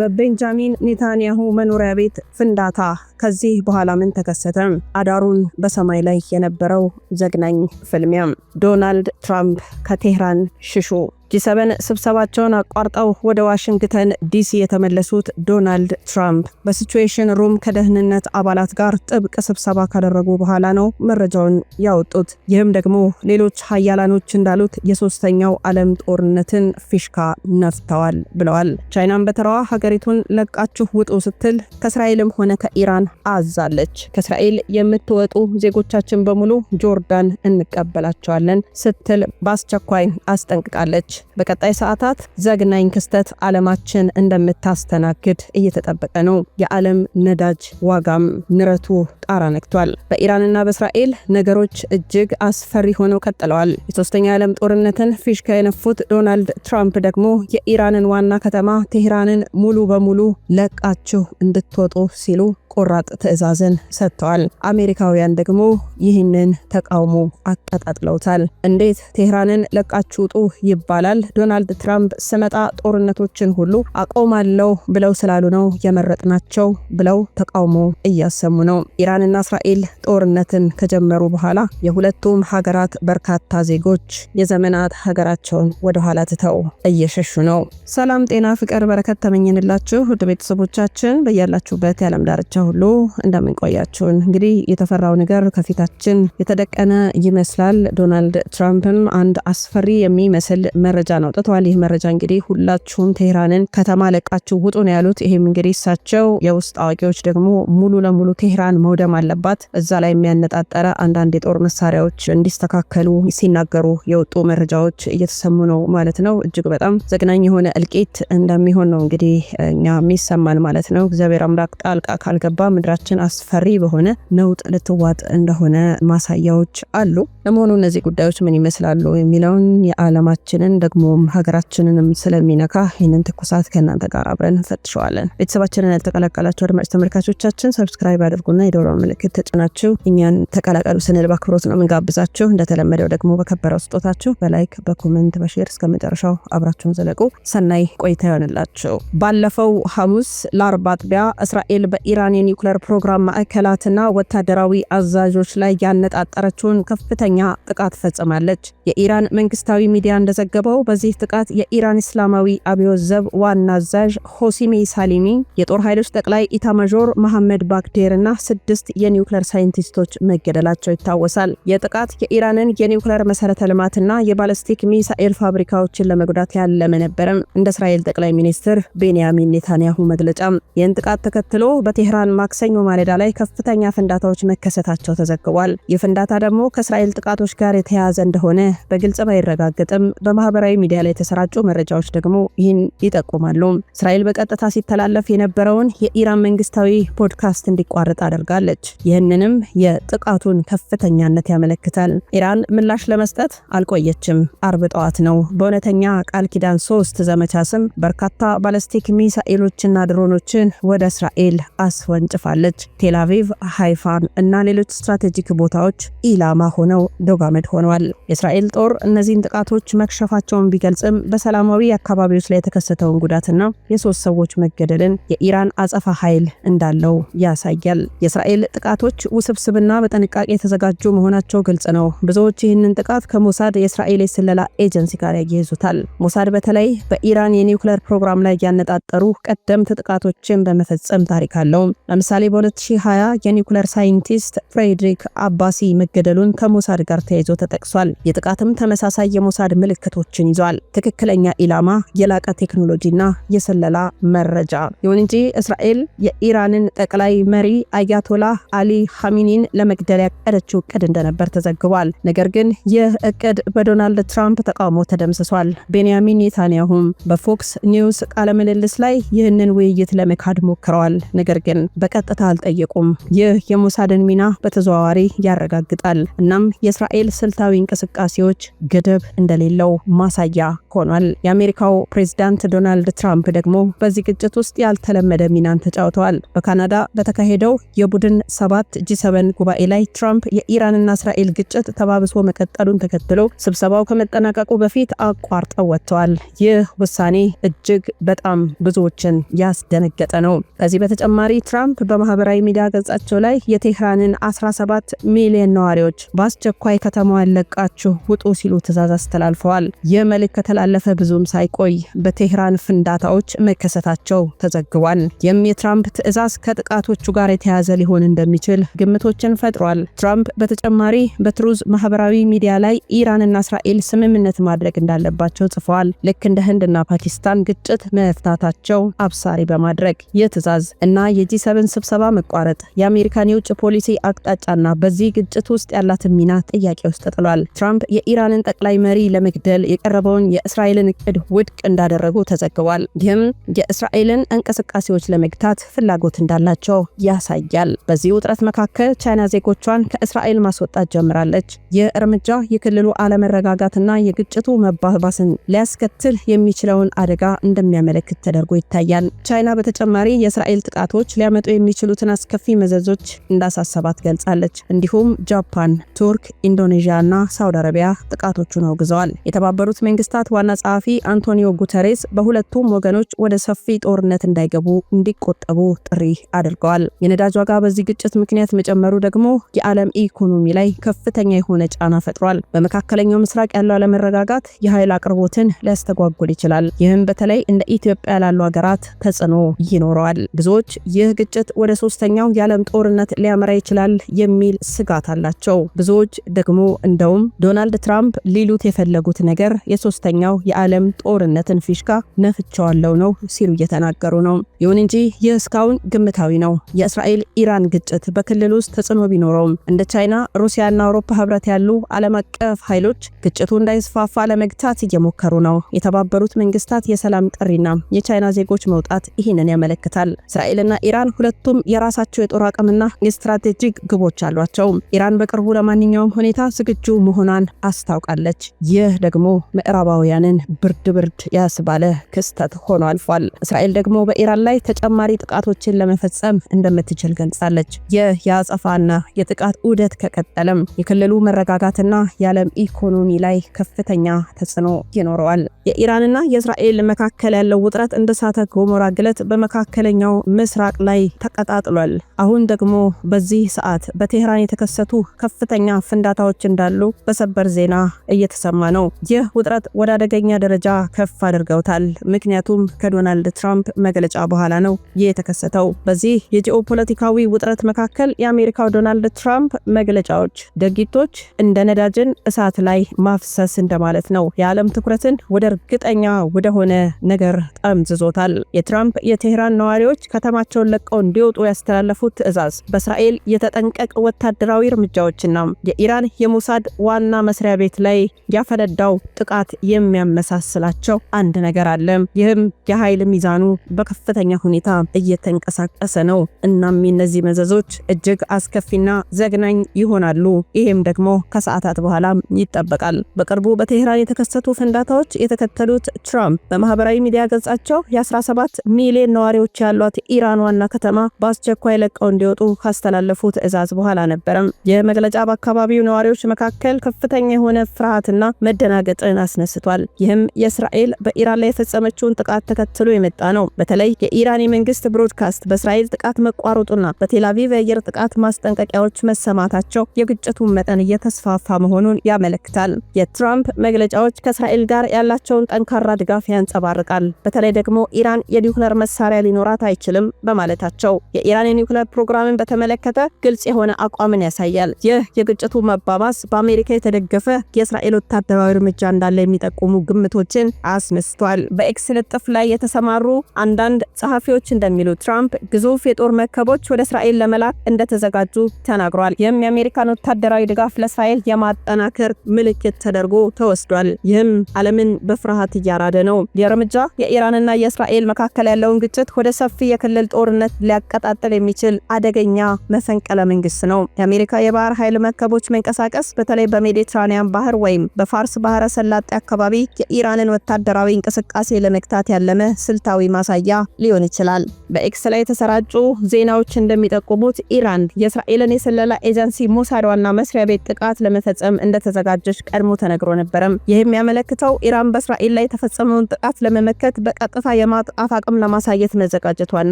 በቤንጃሚን ኔታንያሁ መኖሪያ ቤት ፍንዳታ። ከዚህ በኋላ ምን ተከሰተ? አዳሩን በሰማይ ላይ የነበረው ዘግናኝ ፍልሚያ። ዶናልድ ትራምፕ ከቴህራን ሽሹ። ጂ7 ስብሰባቸውን አቋርጠው ወደ ዋሽንግተን ዲሲ የተመለሱት ዶናልድ ትራምፕ በሲቹዌሽን ሩም ከደህንነት አባላት ጋር ጥብቅ ስብሰባ ካደረጉ በኋላ ነው መረጃውን ያወጡት። ይህም ደግሞ ሌሎች ሀያላኖች እንዳሉት የሶስተኛው ዓለም ጦርነትን ፊሽካ ነፍተዋል ብለዋል። ቻይናም በተራዋ ሀገሪቱን ለቃችሁ ውጡ ስትል ከእስራኤልም ሆነ ከኢራን አዛለች። ከእስራኤል የምትወጡ ዜጎቻችን በሙሉ ጆርዳን እንቀበላቸዋለን ስትል በአስቸኳይ አስጠንቅቃለች። በቀጣይ ሰዓታት ዘግናኝ ክስተት ዓለማችን እንደምታስተናግድ እየተጠበቀ ነው። የዓለም ነዳጅ ዋጋም ንረቱ ጣራ ነክቷል። በኢራንና በእስራኤል ነገሮች እጅግ አስፈሪ ሆነው ቀጥለዋል። የሶስተኛ ዓለም ጦርነትን ፊሽካ የነፉት ዶናልድ ትራምፕ ደግሞ የኢራንን ዋና ከተማ ቴህራንን ሙሉ በሙሉ ለቃችሁ እንድትወጡ ሲሉ ቆራጥ ትዕዛዝን ሰጥተዋል። አሜሪካውያን ደግሞ ይህንን ተቃውሞ አቀጣጥለውታል። እንዴት ቴህራንን ለቃችሁ ውጡ ይባላል? ይላል። ዶናልድ ትራምፕ ስመጣ ጦርነቶችን ሁሉ አቆማለሁ ብለው ስላሉ ነው የመረጥናቸው ብለው ተቃውሞ እያሰሙ ነው። ኢራንና እስራኤል ጦርነትን ከጀመሩ በኋላ የሁለቱም ሀገራት በርካታ ዜጎች የዘመናት ሀገራቸውን ወደኋላ ትተው እየሸሹ ነው። ሰላም፣ ጤና፣ ፍቅር፣ በረከት ተመኝንላችሁ ውድ ቤተሰቦቻችን በያላችሁበት የዓለም ዳርቻ ሁሉ እንደምንቆያችሁን። እንግዲህ የተፈራው ነገር ከፊታችን የተደቀነ ይመስላል። ዶናልድ ትራምፕም አንድ አስፈሪ የሚመስል መረጃ መረጃን አውጥተዋል። ይህ መረጃ እንግዲህ ሁላችሁም ቴህራንን ከተማ ለቃችሁ ውጡ ነው ያሉት። ይህም እንግዲህ እሳቸው የውስጥ አዋቂዎች ደግሞ ሙሉ ለሙሉ ቴህራን መውደም አለባት፣ እዛ ላይ የሚያነጣጠረ አንዳንድ የጦር መሳሪያዎች እንዲስተካከሉ ሲናገሩ የወጡ መረጃዎች እየተሰሙ ነው ማለት ነው። እጅግ በጣም ዘግናኝ የሆነ እልቂት እንደሚሆን ነው እንግዲህ እኛ የሚሰማን ማለት ነው። እግዚአብሔር አምላክ ጣልቃ ካልገባ ምድራችን አስፈሪ በሆነ ነውጥ ልትዋጥ እንደሆነ ማሳያዎች አሉ። ለመሆኑ እነዚህ ጉዳዮች ምን ይመስላሉ የሚለውን የዓለማችንን ደግሞ ሀገራችንንም ስለሚነካ ይህንን ትኩሳት ከእናንተ ጋር አብረን እንፈትሸዋለን። ቤተሰባችንን ያልተቀላቀላችሁ አድማጭ ተመልካቾቻችን ሰብስክራይብ አድርጉና የደወል ምልክት ተጭናችሁ እኛን ተቀላቀሉ ስንል በአክብሮት ነው የምንጋብዛችሁ። እንደተለመደው ደግሞ በከበረው ስጦታችሁ በላይክ በኮመንት በሼር እስከ መጨረሻው አብራችሁን ዘለቁ። ሰናይ ቆይታ ይሆንላችሁ። ባለፈው ሐሙስ ለአርብ አጥቢያ እስራኤል በኢራን የኒውክሌር ፕሮግራም ማዕከላትና ወታደራዊ አዛዦች ላይ ያነጣጠረችውን ከፍተኛ ጥቃት ፈጽማለች። የኢራን መንግስታዊ ሚዲያ እንደዘገበው በዚህ ጥቃት የኢራን እስላማዊ አብዮት ዘብ ዋና አዛዥ ሆሲሜ ሳሊሚ፣ የጦር ኃይሎች ጠቅላይ ኢታማዦር መሐመድ ባክዴር እና ስድስት የኒውክሌር ሳይንቲስቶች መገደላቸው ይታወሳል። የጥቃት የኢራንን የኒውክሌር መሰረተ ልማትና የባለስቲክ ሚሳኤል ፋብሪካዎችን ለመጉዳት ያለመ ነበረም እንደ እስራኤል ጠቅላይ ሚኒስትር ቤንያሚን ኔታንያሁ መግለጫ ይህን ጥቃት ተከትሎ በቴህራን ማክሰኞ ማለዳ ላይ ከፍተኛ ፍንዳታዎች መከሰታቸው ተዘግቧል። ይህ ፍንዳታ ደግሞ ከእስራኤል ጥቃቶች ጋር የተያያዘ እንደሆነ በግልጽ ባይረጋገጥም በማህበ ማህበራዊ ሚዲያ ላይ የተሰራጩ መረጃዎች ደግሞ ይህን ይጠቁማሉ። እስራኤል በቀጥታ ሲተላለፍ የነበረውን የኢራን መንግስታዊ ፖድካስት እንዲቋረጥ አድርጋለች። ይህንንም የጥቃቱን ከፍተኛነት ያመለክታል። ኢራን ምላሽ ለመስጠት አልቆየችም። አርብ ጠዋት ነው በእውነተኛ ቃል ኪዳን ሶስት ዘመቻ ስም በርካታ ባለስቲክ ሚሳኤሎችና ድሮኖችን ወደ እስራኤል አስወንጭፋለች። ቴላቪቭ ሃይፋን እና ሌሎች ስትራቴጂክ ቦታዎች ኢላማ ሆነው ዶጋመድ ሆነዋል። የእስራኤል ጦር እነዚህን ጥቃቶች መክሸፋቸው ስጋታቸውን ቢገልጽም በሰላማዊ አካባቢዎች ላይ የተከሰተውን ጉዳትና የሶስት ሰዎች መገደልን የኢራን አጸፋ ኃይል እንዳለው ያሳያል። የእስራኤል ጥቃቶች ውስብስብና በጥንቃቄ የተዘጋጁ መሆናቸው ግልጽ ነው። ብዙዎች ይህንን ጥቃት ከሞሳድ የእስራኤል የስለላ ኤጀንሲ ጋር ያያይዙታል። ሞሳድ በተለይ በኢራን የኒውክለር ፕሮግራም ላይ ያነጣጠሩ ቀደምት ጥቃቶችን በመፈጸም ታሪክ አለው። ለምሳሌ በ2020 የኒውክለር ሳይንቲስት ፍሬድሪክ አባሲ መገደሉን ከሞሳድ ጋር ተያይዞ ተጠቅሷል። የጥቃትም ተመሳሳይ የሞሳድ ምልክቶች ሀሳቦችን ይዟል። ትክክለኛ ኢላማ የላቀ ቴክኖሎጂና የሰለላ መረጃ። ይሁን እንጂ እስራኤል የኢራንን ጠቅላይ መሪ አያቶላህ አሊ ሐሚኒን ለመግደል ያቀደችው እቅድ እንደነበር ተዘግቧል። ነገር ግን ይህ እቅድ በዶናልድ ትራምፕ ተቃውሞ ተደምስሷል። ቤንያሚን ኔታንያሁም በፎክስ ኒውስ ቃለ ምልልስ ላይ ይህንን ውይይት ለመካድ ሞክረዋል። ነገር ግን በቀጥታ አልጠየቁም። ይህ የሞሳድን ሚና በተዘዋዋሪ ያረጋግጣል። እናም የእስራኤል ስልታዊ እንቅስቃሴዎች ገደብ እንደሌለው ማ ማሳያ ሆኗል። የአሜሪካው ፕሬዚዳንት ዶናልድ ትራምፕ ደግሞ በዚህ ግጭት ውስጥ ያልተለመደ ሚናን ተጫውተዋል። በካናዳ በተካሄደው የቡድን ሰባት ጂ7 ጉባኤ ላይ ትራምፕ የኢራንና እስራኤል ግጭት ተባብሶ መቀጠሉን ተከትሎ ስብሰባው ከመጠናቀቁ በፊት አቋርጠው ወጥተዋል። ይህ ውሳኔ እጅግ በጣም ብዙዎችን ያስደነገጠ ነው። ከዚህ በተጨማሪ ትራምፕ በማህበራዊ ሚዲያ ገጻቸው ላይ የቴህራንን 17 ሚሊዮን ነዋሪዎች በአስቸኳይ ከተማዋን ለቃችሁ ውጡ ሲሉ ትዕዛዝ አስተላልፈዋል። የመልእክት ከተላለፈ ብዙም ሳይቆይ በቴህራን ፍንዳታዎች መከሰታቸው ተዘግቧል። ይህም የትራምፕ ትዕዛዝ ከጥቃቶቹ ጋር የተያያዘ ሊሆን እንደሚችል ግምቶችን ፈጥሯል። ትራምፕ በተጨማሪ በትሩዝ ማህበራዊ ሚዲያ ላይ ኢራንና እስራኤል ስምምነት ማድረግ እንዳለባቸው ጽፈዋል። ልክ እንደ ህንድና ፓኪስታን ግጭት መፍታታቸው አብሳሪ በማድረግ ይህ ትዕዛዝ እና የጂ7 ስብሰባ መቋረጥ የአሜሪካን የውጭ ፖሊሲ አቅጣጫና በዚህ ግጭት ውስጥ ያላትን ሚና ጥያቄ ውስጥ ጥሏል። ትራምፕ የኢራንን ጠቅላይ መሪ ለመግደል የቀ የቀረበውን የእስራኤልን እቅድ ውድቅ እንዳደረጉ ተዘግቧል። ይህም የእስራኤልን እንቅስቃሴዎች ለመግታት ፍላጎት እንዳላቸው ያሳያል። በዚህ ውጥረት መካከል ቻይና ዜጎቿን ከእስራኤል ማስወጣት ጀምራለች። ይህ እርምጃ የክልሉ አለመረጋጋትና የግጭቱ መባባስን ሊያስከትል የሚችለውን አደጋ እንደሚያመለክት ተደርጎ ይታያል። ቻይና በተጨማሪ የእስራኤል ጥቃቶች ሊያመጡ የሚችሉትን አስከፊ መዘዞች እንዳሳሰባት ገልጻለች። እንዲሁም ጃፓን፣ ቱርክ፣ ኢንዶኔዥያ እና ሳውዲ አረቢያ ጥቃቶቹን አውግዘዋል። የተባበሩ የተባበሩት መንግስታት ዋና ጸሐፊ አንቶኒዮ ጉተሬስ በሁለቱም ወገኖች ወደ ሰፊ ጦርነት እንዳይገቡ እንዲቆጠቡ ጥሪ አድርገዋል። የነዳጅ ዋጋ በዚህ ግጭት ምክንያት መጨመሩ ደግሞ የዓለም ኢኮኖሚ ላይ ከፍተኛ የሆነ ጫና ፈጥሯል። በመካከለኛው ምስራቅ ያለው አለመረጋጋት የኃይል አቅርቦትን ሊያስተጓጉል ይችላል። ይህም በተለይ እንደ ኢትዮጵያ ላሉ ሀገራት ተጽዕኖ ይኖረዋል። ብዙዎች ይህ ግጭት ወደ ሶስተኛው የዓለም ጦርነት ሊያመራ ይችላል የሚል ስጋት አላቸው። ብዙዎች ደግሞ እንደውም ዶናልድ ትራምፕ ሊሉት የፈለጉት ነገር የሶስተኛው የዓለም ጦርነትን ፊሽካ ነፍቸዋለው ነው ሲሉ እየተናገሩ ነው። ይሁን እንጂ ይህ እስካሁን ግምታዊ ነው። የእስራኤል ኢራን ግጭት በክልል ውስጥ ተጽዕኖ ቢኖረውም እንደ ቻይና፣ ሩሲያና አውሮፓ ህብረት ያሉ ዓለም አቀፍ ኃይሎች ግጭቱ እንዳይስፋፋ ለመግታት እየሞከሩ ነው። የተባበሩት መንግስታት የሰላም ጥሪና የቻይና ዜጎች መውጣት ይህንን ያመለክታል። እስራኤልና ኢራን ሁለቱም የራሳቸው የጦር አቅምና የስትራቴጂክ ግቦች አሏቸው። ኢራን በቅርቡ ለማንኛውም ሁኔታ ዝግጁ መሆኗን አስታውቃለች። ይህ ደግሞ ምዕራባውያንን ብርድ ብርድ ያስባለ ክስተት ሆኖ አልፏል። እስራኤል ደግሞ በኢራን ላይ ተጨማሪ ጥቃቶችን ለመፈጸም እንደምትችል ገልጻለች። ይህ የአጸፋና የጥቃት ውደት ከቀጠለም የክልሉ መረጋጋትና የዓለም ኢኮኖሚ ላይ ከፍተኛ ተጽዕኖ ይኖረዋል። የኢራንና የእስራኤል መካከል ያለው ውጥረት እንደ እሳተ ገሞራ ግለት በመካከለኛው ምስራቅ ላይ ተቀጣጥሏል። አሁን ደግሞ በዚህ ሰዓት በቴህራን የተከሰቱ ከፍተኛ ፍንዳታዎች እንዳሉ በሰበር ዜና እየተሰማ ነው። ይህ ውጥረት ወደ አደገኛ ደረጃ ከፍ አድርገውታል። ምክንያቱም ከዶናልድ ትራምፕ መግለጫ በኋላ ነው ይህ የተከሰተው። በዚህ የጂኦፖለቲካዊ ውጥረት መካከል የአሜሪካው ዶናልድ ትራምፕ መግለጫዎች፣ ድርጊቶች እንደ ነዳጅን እሳት ላይ ማፍሰስ እንደማለት ነው። የዓለም ትኩረትን ወደ እርግጠኛ ወደሆነ ነገር ጠምዝዞታል። የትራምፕ የቴህራን ነዋሪዎች ከተማቸውን ለቀው እንዲወጡ ያስተላለፉት ትዕዛዝ፣ በእስራኤል የተጠንቀቅ ወታደራዊ እርምጃዎችና የኢራን የሙሳድ ዋና መስሪያ ቤት ላይ ያፈነዳው ጥቃ ጥቃት የሚያመሳስላቸው አንድ ነገር አለ። ይህም የኃይል ሚዛኑ በከፍተኛ ሁኔታ እየተንቀሳቀሰ ነው። እናም እነዚህ መዘዞች እጅግ አስከፊና ዘግናኝ ይሆናሉ። ይህም ደግሞ ከሰዓታት በኋላ ይጠበቃል። በቅርቡ በቴህራን የተከሰቱ ፍንዳታዎች የተከተሉት ትራምፕ በማህበራዊ ሚዲያ ገጻቸው የ17 ሚሊዮን ነዋሪዎች ያሏት ኢራን ዋና ከተማ በአስቸኳይ ለቀው እንዲወጡ ካስተላለፉ ትዕዛዝ በኋላ ነበረም። ይህ መግለጫ በአካባቢው ነዋሪዎች መካከል ከፍተኛ የሆነ ፍርሃትና መደናገጥን አስነስቷል። ይህም የእስራኤል በኢራን ላይ የፈጸመችውን ጥቃት ተከትሎ የመጣ ነው። በተለይ የኢራን የመንግስት ብሮድካስት በእስራኤል ጥቃት መቋረጡና በቴላቪቭ የአየር ጥቃት ማስጠንቀቂያዎች መሰማታቸው የግጭቱን መጠን እየተስፋፋ መሆኑን ያመለክታል። የትራምፕ መግለጫዎች ከእስራኤል ጋር ያላቸውን ጠንካራ ድጋፍ ያንጸባርቃል። በተለይ ደግሞ ኢራን የኒውክለር መሳሪያ ሊኖራት አይችልም በማለታቸው የኢራን የኒውክለር ፕሮግራምን በተመለከተ ግልጽ የሆነ አቋምን ያሳያል። ይህ የግጭቱ መባባስ በአሜሪካ የተደገፈ የእስራኤል ወታደራዊ እርምጃ እንዳለ እንዳለ የሚጠቁሙ ግምቶችን አስነስቷል። በኤክስ ልጥፍ ላይ የተሰማሩ አንዳንድ ጸሐፊዎች እንደሚሉት ትራምፕ ግዙፍ የጦር መርከቦች ወደ እስራኤል ለመላክ እንደተዘጋጁ ተናግሯል። ይህም የአሜሪካን ወታደራዊ ድጋፍ ለእስራኤል የማጠናከር ምልክት ተደርጎ ተወስዷል። ይህም ዓለምን በፍርሃት እያራደ ነው። የእርምጃ የኢራንና የእስራኤል መካከል ያለውን ግጭት ወደ ሰፊ የክልል ጦርነት ሊያቀጣጥል የሚችል አደገኛ መሰንቀለ መንግስት ነው። የአሜሪካ የባህር ኃይል መርከቦች መንቀሳቀስ በተለይ በሜዲትራኒያን ባህር ወይም በፋርስ ባህረ ሰላ ሰላጤ አካባቢ የኢራንን ወታደራዊ እንቅስቃሴ ለመግታት ያለመ ስልታዊ ማሳያ ሊሆን ይችላል። በኤክስ ላይ የተሰራጩ ዜናዎች እንደሚጠቁሙት ኢራን የእስራኤልን የስለላ ኤጀንሲ ሞሳድ ዋና መስሪያ ቤት ጥቃት ለመፈጸም እንደተዘጋጀች ቀድሞ ተነግሮ ነበረም። ይህ የሚያመለክተው ኢራን በእስራኤል ላይ የተፈጸመውን ጥቃት ለመመከት በቀጥታ የማጥቃት አቅም ለማሳየት መዘጋጀቷን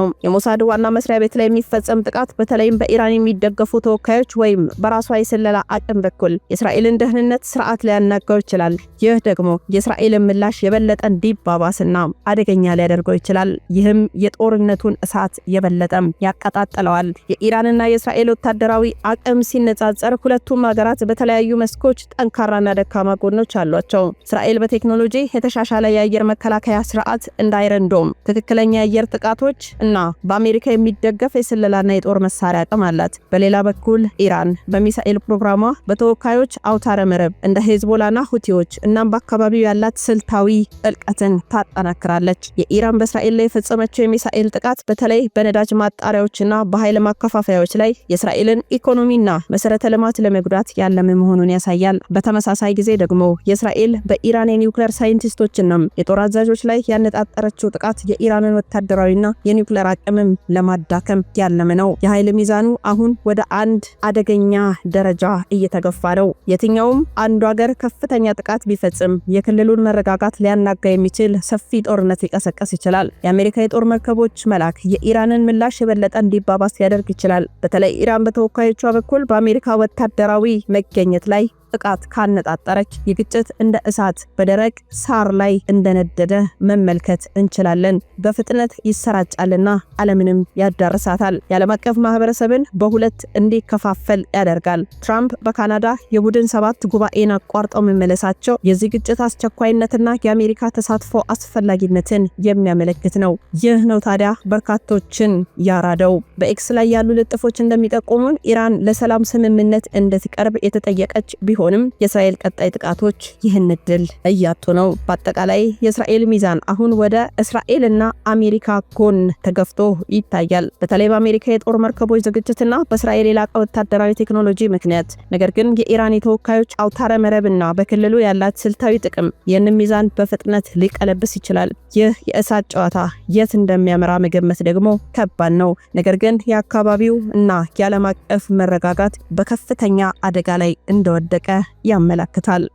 ነው። የሞሳድ ዋና መስሪያ ቤት ላይ የሚፈጸም ጥቃት በተለይም በኢራን የሚደገፉ ተወካዮች ወይም በራሷ የስለላ አቅም በኩል የእስራኤልን ደህንነት ስርዓት ሊያናጋው ይችላል። ይህ ይህ ደግሞ የእስራኤልን ምላሽ የበለጠ እንዲባባስና አደገኛ ሊያደርገው ይችላል። ይህም የጦርነቱን እሳት የበለጠም ያቀጣጠለዋል። የኢራንና የእስራኤል ወታደራዊ አቅም ሲነጻጸር ሁለቱም ሀገራት በተለያዩ መስኮች ጠንካራና ደካማ ጎኖች አሏቸው። እስራኤል በቴክኖሎጂ የተሻሻለ የአየር መከላከያ ስርዓት እንደ አይረንዶም ትክክለኛ የአየር ጥቃቶች እና በአሜሪካ የሚደገፍ የስለላና የጦር መሳሪያ አቅም አላት። በሌላ በኩል ኢራን በሚሳኤል ፕሮግራሟ በተወካዮች አውታረ መረብ እንደ ሄዝቦላና ሁቲዎች እናም በአካባቢው ያላት ስልታዊ ጥልቀትን ታጠናክራለች። የኢራን በእስራኤል ላይ የፈጸመችው የሚሳኤል ጥቃት በተለይ በነዳጅ ማጣሪያዎችና በኃይል ማከፋፈያዎች ላይ የእስራኤልን ኢኮኖሚና መሰረተ ልማት ለመጉዳት ያለመ መሆኑን ያሳያል። በተመሳሳይ ጊዜ ደግሞ የእስራኤል በኢራን የኒውክሌር ሳይንቲስቶችናም የጦር አዛዦች ላይ ያነጣጠረችው ጥቃት የኢራንን ወታደራዊና የኒውክሌር አቅምም ለማዳከም ያለመ ነው። የኃይል ሚዛኑ አሁን ወደ አንድ አደገኛ ደረጃ እየተገፋ ነው። የትኛውም አንዱ ሀገር ከፍተኛ ጥቃት ቢፈ ቢፈጽም የክልሉን መረጋጋት ሊያናጋ የሚችል ሰፊ ጦርነት ሊቀሰቀስ ይችላል። የአሜሪካ የጦር መርከቦች መላክ የኢራንን ምላሽ የበለጠ እንዲባባስ ሊያደርግ ይችላል። በተለይ ኢራን በተወካዮቿ በኩል በአሜሪካ ወታደራዊ መገኘት ላይ ጥቃት ካነጣጠረች የግጭት እንደ እሳት በደረቅ ሳር ላይ እንደነደደ መመልከት እንችላለን። በፍጥነት ይሰራጫልና ዓለምንም ያዳርሳታል። የዓለም አቀፍ ማህበረሰብን በሁለት እንዲከፋፈል ያደርጋል። ትራምፕ በካናዳ የቡድን ሰባት ጉባኤን አቋርጠው መመለሳቸው የዚህ ግጭት አስቸኳይነትና የአሜሪካ ተሳትፎ አስፈላጊነትን የሚያመለክት ነው። ይህ ነው ታዲያ በርካቶችን ያራደው። በኤክስ ላይ ያሉ ልጥፎች እንደሚጠቁሙን ኢራን ለሰላም ስምምነት እንድትቀርብ የተጠየቀች ቢሆንም የእስራኤል ቀጣይ ጥቃቶች ይህን እድል እያጡ ነው። በአጠቃላይ የእስራኤል ሚዛን አሁን ወደ እስራኤልና አሜሪካ ጎን ተገፍቶ ይታያል። በተለይ በአሜሪካ የጦር መርከቦች ዝግጅትና በእስራኤል የላቀ ወታደራዊ ቴክኖሎጂ ምክንያት። ነገር ግን የኢራን የተወካዮች አውታረ መረብና በክልሉ ያላት ስልታዊ ጥቅም ይህንን ሚዛን በፍጥነት ሊቀለብስ ይችላል። ይህ የእሳት ጨዋታ የት እንደሚያመራ መገመት ደግሞ ከባድ ነው። ነገር ግን የአካባቢው እና የዓለም አቀፍ መረጋጋት በከፍተኛ አደጋ ላይ እንደወደቀ ያመለክታል።